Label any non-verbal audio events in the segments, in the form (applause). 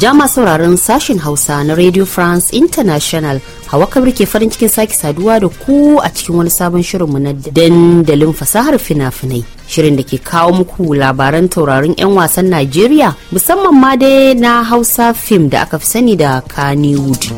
jama sauraron sashen hausa na radio france international hawa kabir ke farin cikin sake saduwa da ku a cikin wani sabon shirinmu na dandalin fasahar fina-finai shirin da ke kawo muku labaran taurarin 'yan wasan najeriya musamman ma dai na hausa fim da aka fi sani da kannywood.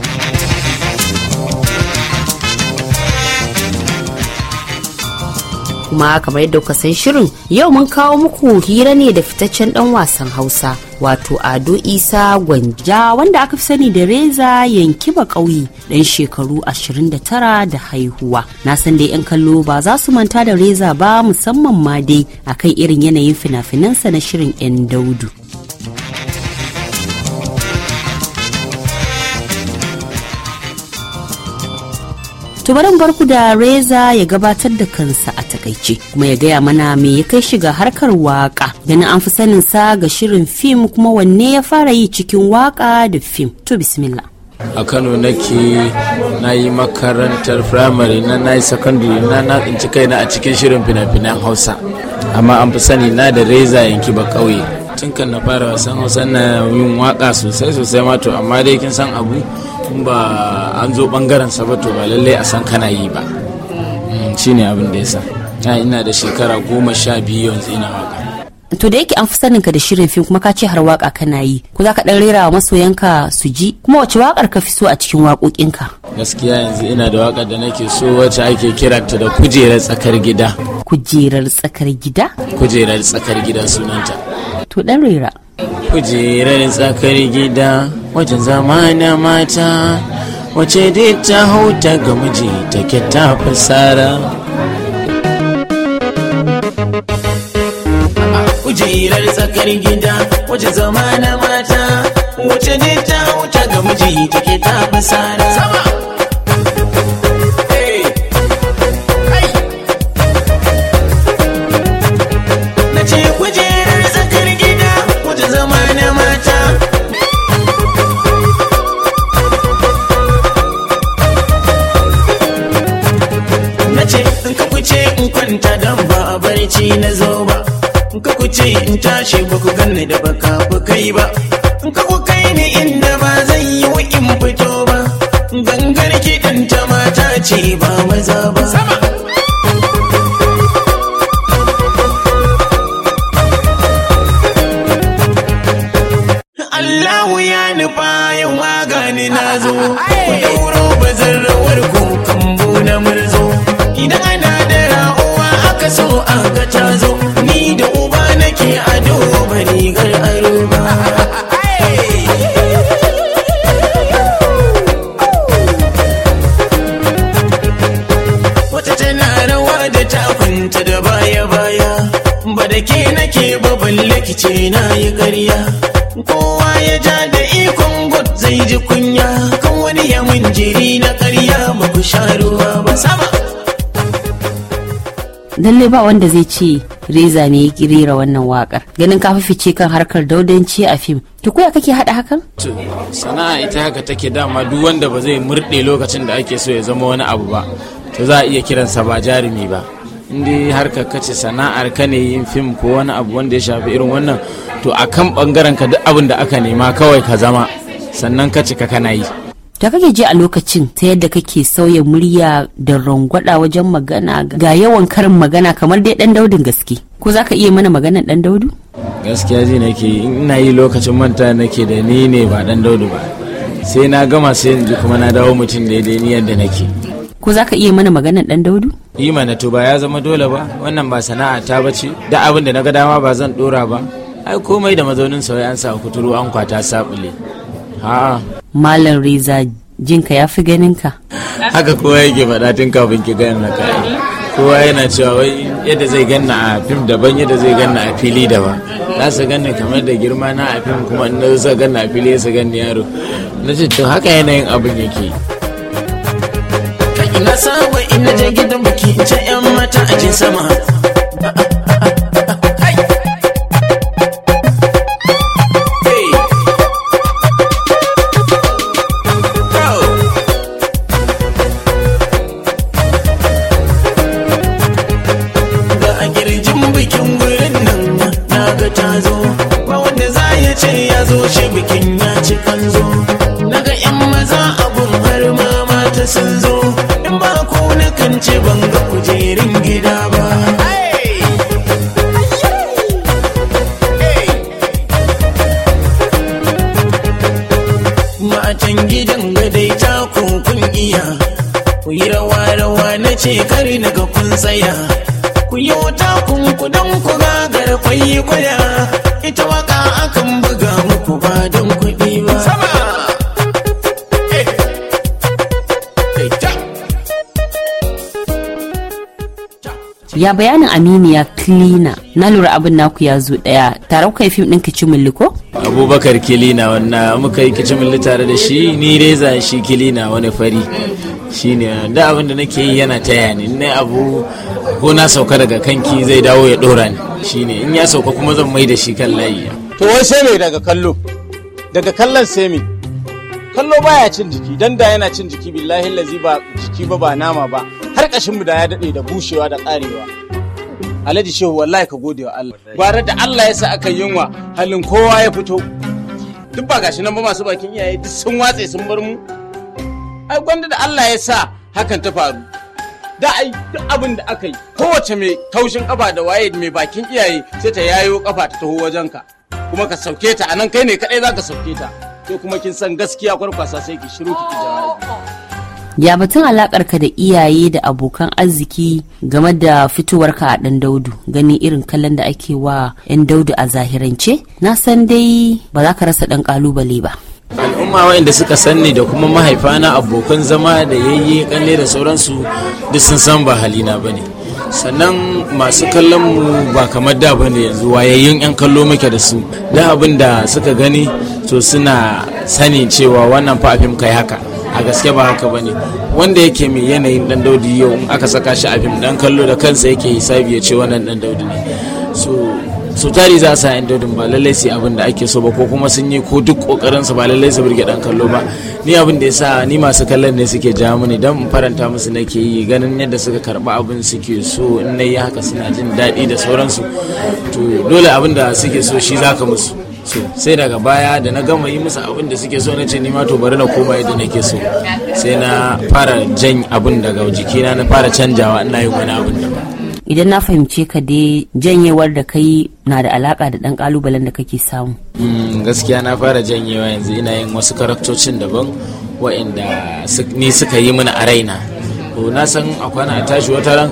kuma kamar yadda kuka san shirin yau mun kawo muku hira ne da fitaccen dan wasan hausa wato ado isa gwanja wanda aka fi sani da reza yankiba ƙauye dan shekaru 29 da haihuwa na san dai yan kallo ba za su manta da reza ba musamman ma dai akan irin yanayin fina-finansa na shirin yan daudu to bari bar ku da reza ya gabatar da kansa a takaice kuma ya gaya mana me ya kai shiga harkar waka ganin an fi sanin sa ga shirin fim kuma wanne ya fara yi cikin waka da fim to bismillah a kano nake na yi makarantar firamare na na yi secondary na na tsinci kaina a cikin shirin fina-finan hausa amma an fi sani na da reza yanki ba kauye tun kan na fara wasan hausa na yin waka sosai sosai mato amma dai kin san abu tun ba an zo bangaren sa ba to ba lallai a san kana yi ba mm, ne abin da ya sa ina da shekara goma sha biyu yanzu ina waka to da yake an fi saninka da shirin fim kuma ka ce har waka kana yi ko za ka dan rera masoyanka su ji kuma wace wakar ka fi so a cikin waƙoƙinka gaskiya yanzu ina da wakar da nake so wacce ake kiranta da kujerar tsakar gida kujerar tsakar gida kujerar tsakar gida sunanta to dan rera kujerar tsakar gida wajen zamana mata wace dai ta hauta ga miji take ta fasara kujerar tsakar gida wajen zamana mata wace dai ta hauta ga miji take ta fasara ta dan ba a barci na zo ba in ka ku ce in tashi ba ku ganni da baka ku kai ba in ka ku kai ni inda ba zan yi wa in fito ba gangar kiɗan ta mata ce ba maza ba sama Allahu ya nufa yau magani na zo. aka zo ni da uba nake ado ba rigar aro ba wata tana rawa da tafinta da baya baya ba da ke nake ba ballaki ce na yi ƙarya lalle ba wanda zai ce reza ne ya rera wannan wakar ganin ka fice kan harkar daudanci a fim ki koya kake hada hakan sana'a ita haka take dama duk wanda ba zai murde lokacin da ake so ya zama wani abu ba to za a iya kiransa ba jarumi ba inda harkar kace sana'ar ka ne yin fim ko wani abu wanda ya shafi irin wannan to akan bangaren ka duk abin da aka nema kawai ka zama sannan ka cika kana yi da kake ji a lokacin ta yadda kake sauya murya da rangwada wajen magana ga yawan karin magana kamar dai dan daudin gaske ko za ka iya mana maganan dan daudu gaskiya ji nake ina yi lokacin manta nake da ni ne ba dan daudu ba sai na gama sai yanzu kuma na dawo mutum daidai ni yadda nake ko za ka iya mana maganan dan daudu yi mana to ba ya zama dole ba wannan ba sana'a ta bace da abin da na ga dama ba zan dora ba ai komai da mazaunin sauya an sa kuturu an kwata sabule ha malam reza jinka ya fi ganinka haka kowa yake faɗa tun kafin ki gani na kai kowa yana cewa wai yadda zai ganna a fim daban yadda zai ganna a fili daban za su ganna kamar da girma na a fim kuma na za ganna a fili su ganni yaro na ce to haka yanayin abin yake ina sawa ina je gidan baki ce yan mata a sama ita waka akan buga muku ba don ya bayanin aminiya kilina na lura abin naku ya zo daya tare kuka yi fim din mulli ko abubakar kilina wannan muka yi kicimilli tare da shi ni reza shi kilina wani fari shine da abin da nake yi yana taya ni ne abu ko na sauka daga kanki zai dawo ya dora ni shine in ya sauka kuma zan mai da shi kan layi to wai sai mai daga kallo daga kallon sai mai kallo baya cin jiki dan da yana cin jiki billahi lazi ba jiki ba ba nama ba har kashin mu da ya dade da bushewa da karewa alhaji shehu wallahi ka gode wa Allah gwara da Allah ya sa aka yunwa halin kowa ya fito duk ba gashi nan ba masu bakin iyaye duk sun watse sun bar mu ai gwanda da Allah ya sa hakan ta faru da ai duk abin da aka yi kowace mai taushin kafa da waye mai bakin iyaye sai ta yayo kafa ta taho wajenka kuma ka sauke ta anan kai ne kadai zaka sauke ta sai kuma kin san gaskiya kwarkwasa sai ki shiru ki ya batun alakar ka da iyaye da abokan arziki game da fitowarka a dan daudu gani irin kallon da ake wa yan daudu a zahirance na san dai ba za ka rasa dan kalubale ba al'umma wa'inda suka sanni da kuma mahaifana abokan zama da yayye kalle da sauransu duk sun san ba halina ba ne sannan masu kallon mu ba kamar da ba ne yanzu wayayyun 'yan kallo muke da su da abin da suka gani to suna sani cewa wannan fa afim kai haka a gaske ba haka ba ne wanda yake mai yanayin dan daudi yau in aka saka shi a fim dan kallo da kansa yake hisabi ya ce wannan dan daudi ne so su tari za su yan dodin ba lallai su abin da ake so ba ko kuma sun yi ko duk kokarin su ba lallai su burge dan kallo ba ni abin da yasa ni masu kallon ne suke ja mini dan in faranta musu nake yi ganin yadda suka karba abin suke so in nayi haka suna jin daɗi da sauransu to dole abin da suke so shi zaka musu so sai daga baya da na gama yi musu abin da suke so na ce nima to bari na koma yadda nake so sai na fara jan abin daga jikina na fara canjawa ina yi wani abin da ba idan na fahimce ka dai janyewar da kai na da alaka da dan kalubalen da kake samu mm, gaskiya na fara janyewa yanzu ina yin wasu karaktocin daban wa'inda ni suka yi mini a raina to na san a kwana a tashi wata ran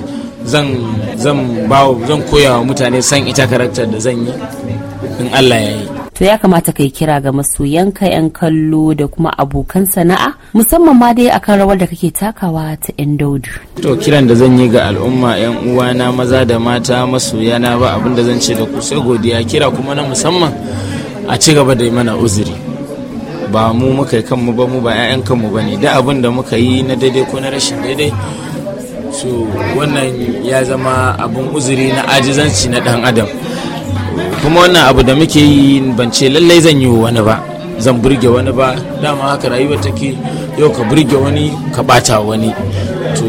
zan zan zan koya wa mutane san ita karaktar da zan yi in Allah ya yi to ya kamata kai kira ga masoyanka yan kallo da kuma abokan sana'a musamman ma dai akan rawar da kake takawa ta yan daudu to kiran da zan yi ga al'umma yan uwana maza da mata masoyana ba abin da zan ce da ku sai godiya kira kuma na musamman a ci gaba da mana uzuri ba mu muka yi kanmu ba mu ba 'ya'yan kanmu ba ne da abin da muka yi na daidai ko na rashin daidai su wannan ya zama abin uzuri na ajizanci na dan adam kuma wannan abu da muke yi ban ce lallai zan yi wani ba zan burge wani ba dama haka rayuwa take yau ka burge wani ka bata wani to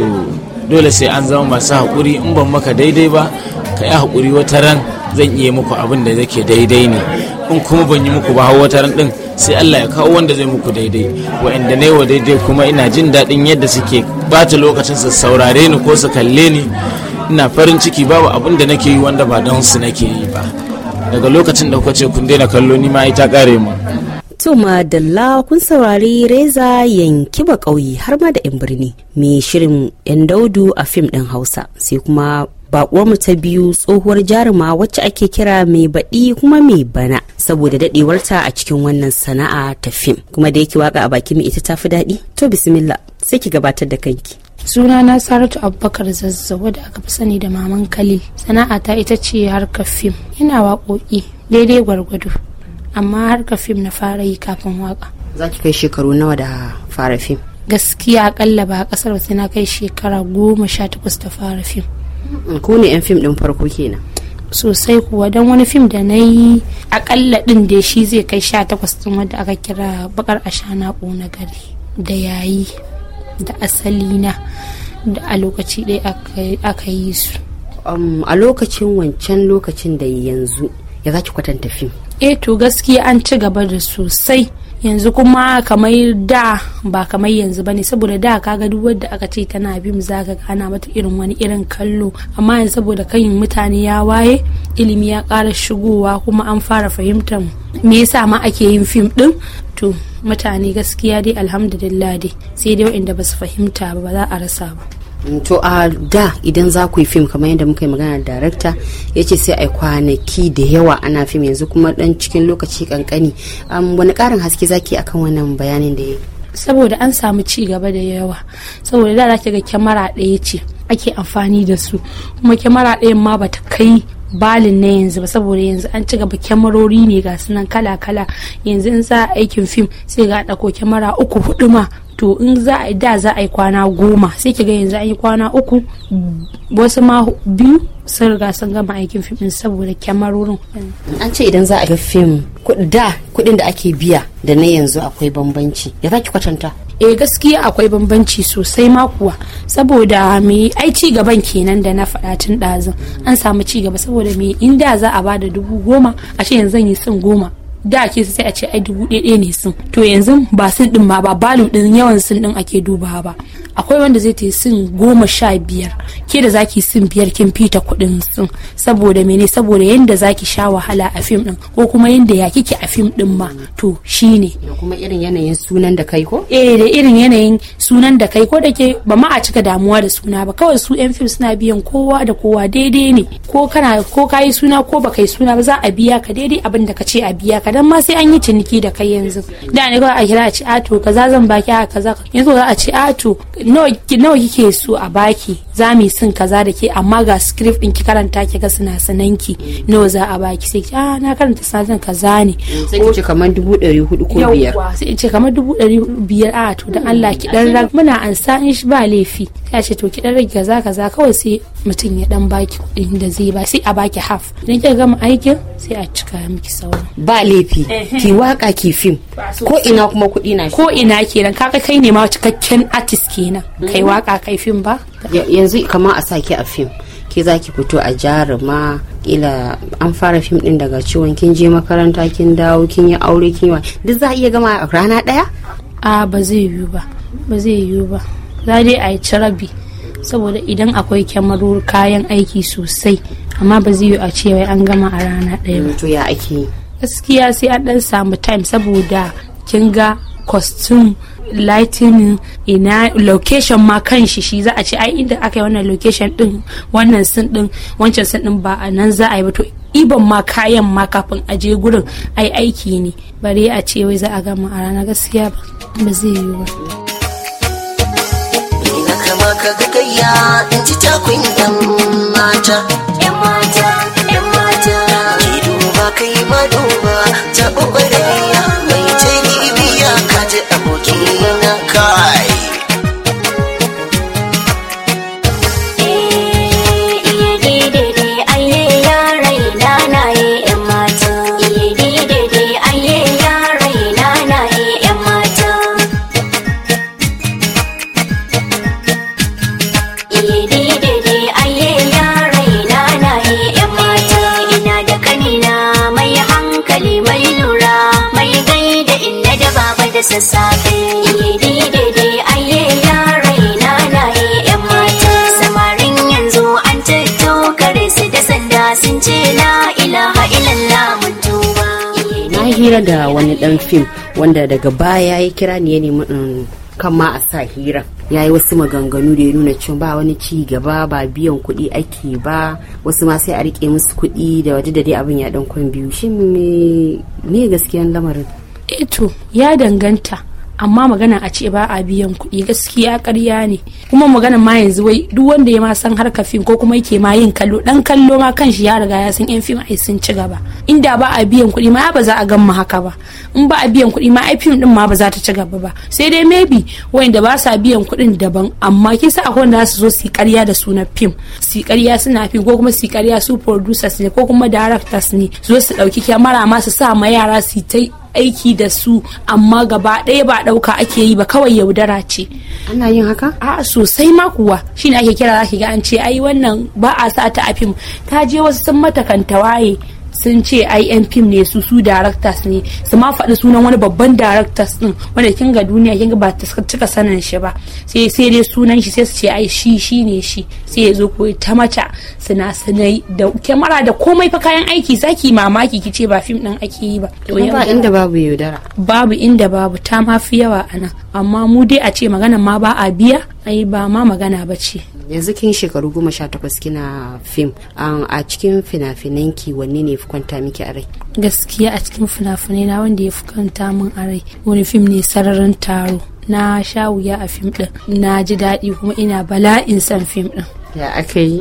dole sai an zama masu haƙuri in ban maka daidai ba ka yi haƙuri wata ran zan iya muku abin da zake daidai ne in kuma ban yi muku ba wata ran din sai Allah ya kawo wanda zai muku daidai wa'anda ne wa daidai kuma ina jin daɗin yadda suke bata lokacin su saurare ni ko su kalle ni ina farin ciki babu abin da nake yi wanda ba don su nake yi ba daga lokacin da kuka ce kun daina kallo ni ma ta kare mu To madalla kun saurari reza yanki ba kauyi har ma da 'yan birni mai shirin 'yan daudu a fim ɗin Hausa sai kuma mu ta biyu tsohuwar jaruma wacce ake kira mai baɗi kuma mai bana saboda daɗewarta a cikin wannan sana'a ta fim kuma da yake waka a baki mai ita ta fi daɗi to bismillah sai ki gabatar da kanki suna na saratu abubakar zazzawo da aka fi sani da maman khalil ta ita ce harkar fim ina waƙoƙi daidai gwargwado amma harkar fim na fara yi kafin waka za ki kai shekaru nawa da fara fim gaskiya akalla ba a kasar wasu na kai shekara goma sha takwas ta fara fim ku ne 'yan fim ɗin farko kenan sosai kuwa don wani fim da na yi akalla ɗin da shi zai kai sha takwas ɗin wanda aka kira bakar ashana ƙona gari da yayi da asali na da a lokaci ɗaya aka yi su a lokacin wancan lokacin da yanzu ya za ki kwatanta fim eh to gaskiya an ci gaba da sosai yanzu kuma kamar da ba kamar yanzu bane saboda da kaga duk wadda aka ce tana bim zaka gana mata irin wani irin kallo amma yanzu saboda kan mutane ya waye ilimi ya ƙara shigowa kuma an fara fahimtar me yasa ma ake yin fim din to mutane gaskiya dai alhamdulillah dai sai dai waɗanda ba su fahimta ba ba za a rasa ba Mm, to a da idan za ku yi fim kamar yadda muka yi magana da darakta ya ce sai a kwanaki da yawa ana fim yanzu kuma dan cikin lokaci kankani um, wani karin haske zaki akan wannan bayanin da ya saboda an samu ci gaba da yawa saboda da za ga kyamara ɗaya ce ake amfani da su kuma kyamara ɗayan ma bata kai balin na yanzu ba saboda yanzu an ci gaba kyamarori ne ga sunan kala-kala yanzu in za a aikin fim sai ga ɗako kyamara uku hudu ma to in za a da za a yi kwana goma sai ki ga yanzu an yi kwana uku wasu ma biyu sun riga sun gama aikin fim din saboda kyamarorin an ce idan za a ga fim da kuɗin da ake biya da na yanzu akwai bambanci ya za ki kwatanta e gaskiya akwai bambanci sosai ma kuwa saboda me ai ci gaban kenan da na faɗa tun ɗazun an samu ci gaba saboda me inda za a bada dubu goma a ce yanzu zan yi sin goma da ake sai a ce ai dubu ɗaya ne sun to yanzu ba sun din ma ba balu din yawan sun din ake dubawa ba akwai wanda zai ta sun goma sha biyar ke da zaki sun biyar kin fita kuɗin sun saboda mene saboda yanda zaki sha wahala a fim din ko kuma yanda ya kike a fim din ma to shine kuma irin yanayin sunan da kai ko eh da irin yanayin sunan da kai ko da ke ba ma a cika damuwa da suna ba kawai su yan fim suna biyan kowa da kowa daidai ne ko kana ko kayi suna ko baka yi suna ba za a biya ka daidai abin da ka ce a biya ka kadan ma sai an yi ciniki da kai yanzu da ne kawai a kira a ci ato kaza zan baki a kaza yanzu za a ci ato nawa kike so a baki za mu sun kaza da ke amma ga script din ki karanta ki ga sinasanan ki nawa za a baki sai ki ah na karanta sinasan kaza ne sai ki ce kamar dubu ɗari hudu ko biyar sai ki ce kamar dubu ɗari biyar a ah, to dan Allah ki dan rag muna sa in shi ba laifi ya ce to ki dan rage kaza kaza kawai sai mutum ya dan baki kuɗin da zai ba sai a baki half idan ki gama aikin sai a cika miki sauran ba laifi ki waka ki fim ko ina kuma kuɗi na shi. ko ina kenan kaga kai ne ma cikakken artist kenan kai waka kai fim ba yanzu kamar a sake a fim ke za ki fito a jaruma ila an fara fim din daga ciwon kin je makaranta kin dawo kin yi aure kin yi duk za a iya gama a rana daya a ba zai yiwu ba ba zai yiwu ba za dai a yi rabi saboda idan akwai kyamarur kayan aiki sosai amma ba zai yiwu a ce wai an gama a rana daya ba to ya ake gaskiya sai an dan samu time saboda kin ga costume lightning ina location ma kan shi shi za a ce ai inda aka yi wannan location din wannan sun din wancan sun din ba a nan za a yi ba to iban ma kayan ma kafin a je gurin ai aiki ne bare a ce wai za a gama a rana gaskiya ba zai yi ba kama ka ga gayya in ji mata yan mata yan mata ki duba kai ma duba ta da safe hira da wani dan fim wanda daga baya ya kira ni ya nemi kan ma a sa hira ya yi wasu maganganu da ya nuna cewa ba wani ci gaba ba biyan kuɗi ake ba wasu ma sai a rike musu kuɗi da waje da dai abin ya ɗan kwan biyu shi me gaskiyan lamarin eto eh ya danganta amma magana a ce ba a biyan kuɗi gaskiya karya ne kuma magana ma yanzu wai duk wanda ya ma san harka fim ko kuma yake ma yin kallo dan kallo ma kan shi ya riga ya san yan fim ai sun ci gaba inda ba a biyan kuɗi ma ba za a gan haka ba in ba a biyan kuɗi ma ai fim din ma ba za ta ci gaba ba sai dai maybe wanda ba sa biyan kuɗin daban amma sa akwai wanda su zo su ƙarya da sunan fim su ƙarya suna fim ko kuma su ƙarya su producers ne ko kuma directors ne su zo su ɗauki kyamara ma su sa ma yara su yi aiki da su amma gaba ɗaya ba ɗauka ake yi ba kawai yaudara ce ana yin haka a sosai ma kuwa shine ake kira za ki ga an ce ai wannan ba a sa ta a fim? ta je wasu sun mata waye sun ce ai ne su su directors ne su ma faɗi sunan wani babban directors din wanda kin ga duniya kin ga ba ta cika sanin shi ba sai sai dai sunan shi sai su ce ai shi shi ne shi sai ya zo ko ta mata suna sanai da kyamara da komai fa kayan aiki saki mamaki kice ba fim ɗin ake yi ba to ba inda babu yaudara babu inda babu ta ma fi yawa anan amma mu dai a ce magana ma ba a biya ai ba ma magana ba ce yanzu kin shekaru goma sha takwas kina fim a cikin fina-finan ki wanne ne ya fi kwanta miki a gaskiya a cikin fina-finai na wanda ya fi kwanta min a wani fim ne sararin taro na sha wuya a fim din na ji daɗi kuma ina bala'in san fim din ya aka yi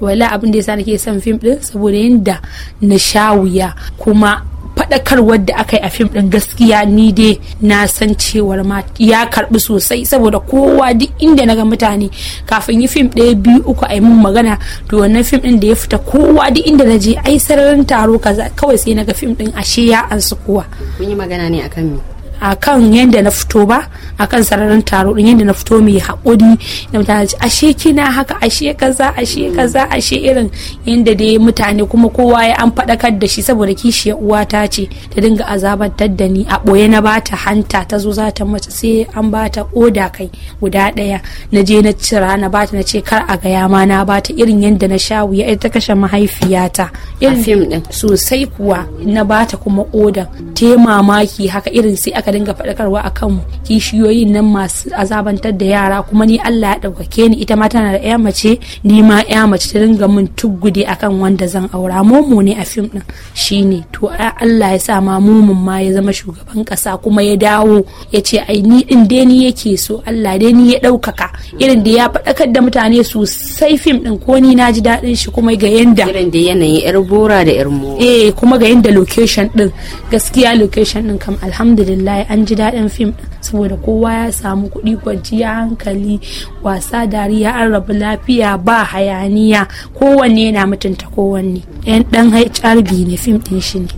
wala abin da yasa nake son fim din saboda yadda na sha wuya kuma faɗakarwar da aka yi a fim ɗin gaskiya ni dai na san cewar ma ya karɓi sosai saboda kowa duk inda na ga mutane kafin yi fim ɗaya biyu uku a yi min magana to wannan fim ɗin da ya fita kowa duk inda na je ai sararin taro kaza kawai sai na ga fim ɗin ashe ya ansu kowa. Kun yi magana ne akan me? a kan yadda na fito ba a kan sararin taro din yadda na fito mai haƙuri da mutane haka ashe kina haka ashe kaza ashe mm. kaza ashe irin yadda dai mutane kuma kowa ya an faɗakar da shi saboda kishiyar ta ce ta dinga azabantar da ni a ɓoye na bata hanta ta zo za ta mace sai an bata oda kai guda ɗaya na je na cira na bata na ce kar a gaya ma na bata irin yadda na sha wuya ita kashe mahaifiyata irin sosai kuwa na bata kuma oda te mamaki haka irin sai aka dinga faɗakarwa kan kishiyoyin nan masu azabantar da yara kuma ni Allah ya ɗaukake ni ita ma tana da ƴa mace ni ma ƴa mace ta dinga min tuggude kan wanda zan aura momo ne a fim ɗin shine to Allah ya sa ma mumun ma ya zama shugaban ƙasa kuma ya dawo ya ce ai ni ɗin dai ni yake so Allah dai ni ya ɗaukaka irin da ya faɗakar da mutane sosai fim ɗin ko ni na ji daɗin shi kuma ga yanda irin da yanayin yar bora da yar mu eh kuma ga yanda location ɗin gaskiya location ɗin kam alhamdulillah yi an ji daɗin fim ɗin saboda kowa ya samu kuɗi kwanciya hankali wasa dariya an rabu lafiya ba hayaniya kowanne yana mutunta kowanne yan ɗan HRB ne fim ɗin shi ne.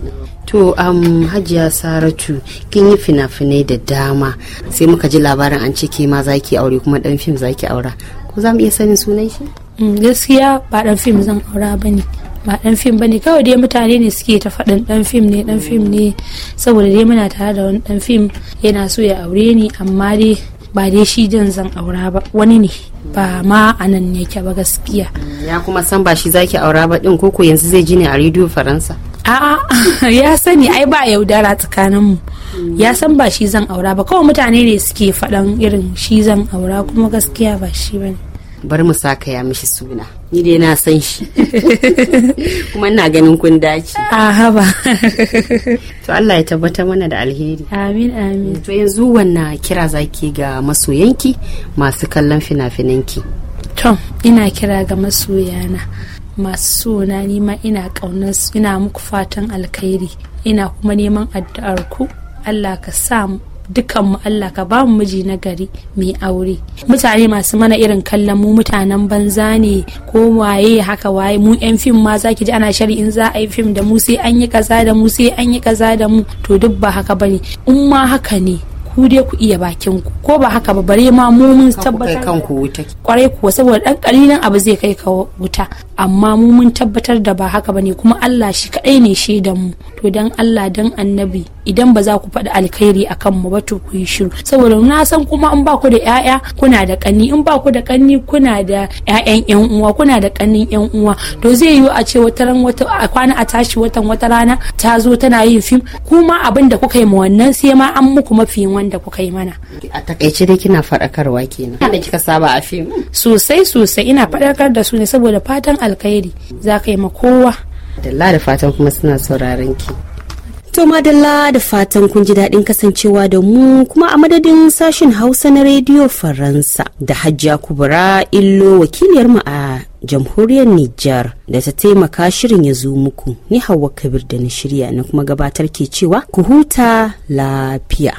To um, hajiya Saratu kin yi fina-finai da dama sai muka ji labarin an ce ma za ki aure kuma ɗan fim za ki aura ko za mu iya sanin sunan shi? Mm, gaskiya ba ɗan fim zan aura ba ne ba dan fim ba ne kawai dai mutane ne suke ta faɗin dan fim ne dan fim ne saboda dai muna tare da wani dan fim yana so ya aure ni amma dai ba dai shi jan zan aura ba wani ne ba ma a nan yake ba gaskiya ya kuma san ba shi zaki aura ba din koko yanzu zai ji ne a rediyo faransa a'a (laughs) ya sani ai ba yaudara tsakaninmu ya san ba shi zan aura ba kawai mutane ne suke faɗan irin shi zan aura kuma gaskiya ba shi bane bari mu saka ya mishi suna ni dai na san shi (laughs) kuma ina ganin kun dace a haba to Allah ya tabbata mana da alheri amin amin to yanzu wannan kira zaki ga masoyanki masu kallon fina-finanki to ina kira ga masoyana masu suna nima ina kaunar ina muku fatan alkhairi ina kuma neman addu'ar ku Allah ka sa Dukanmu mu Allah ka ba mu miji na gari mai aure mutane masu mana irin kallon mu mutanen banza ne ko waye haka waye mu yan fim ma zaki ji ana shari'in za a yi fim da mu sai an yi kaza da mu sai an yi kaza da mu to duk ba haka bane in ma haka ne ku dai ku iya bakin ku ko ba haka ba bare ma mu mun tabbatar kanku wuta kwarai kuwa saboda dan kalilan abu zai kai ka wuta amma mu mun tabbatar da ba haka bane kuma Allah shi kadai ne shaidan mu to dan Allah dan annabi idan ba za ku faɗi alkhairi akan mu ba to ku yi shiru saboda na san kuma in ba ku da ƴaƴa kuna da kanni in ba ku da kanni kuna da ƴaƴan ƴan uwa kuna da kannin yan uwa to zai yiwu a ce wata ran wata kwana a tashi watan wata rana ta zo tana yin fim kuma abin da kuka yi ma wannan sai ma an muku mafi wanda kuka yi mana a takaice dai kina faɗakarwa kenan da kika saba a fim sosai sosai ina faɗakar da su ne saboda fatan alkhairi za ka yi ma kowa Dalla da fatan kuma suna sauraron ki. To madalla da fatan kun ji daɗin kasancewa da mu kuma a madadin sashen Hausa na Rediyo Faransa da Hajja Kubra Illo wakiliyar mu a jamhuriyar Nijar da ta taimaka shirin ya zo muku ni Hauwa Kabir da na shirya na kuma gabatar ke cewa ku huta lafiya.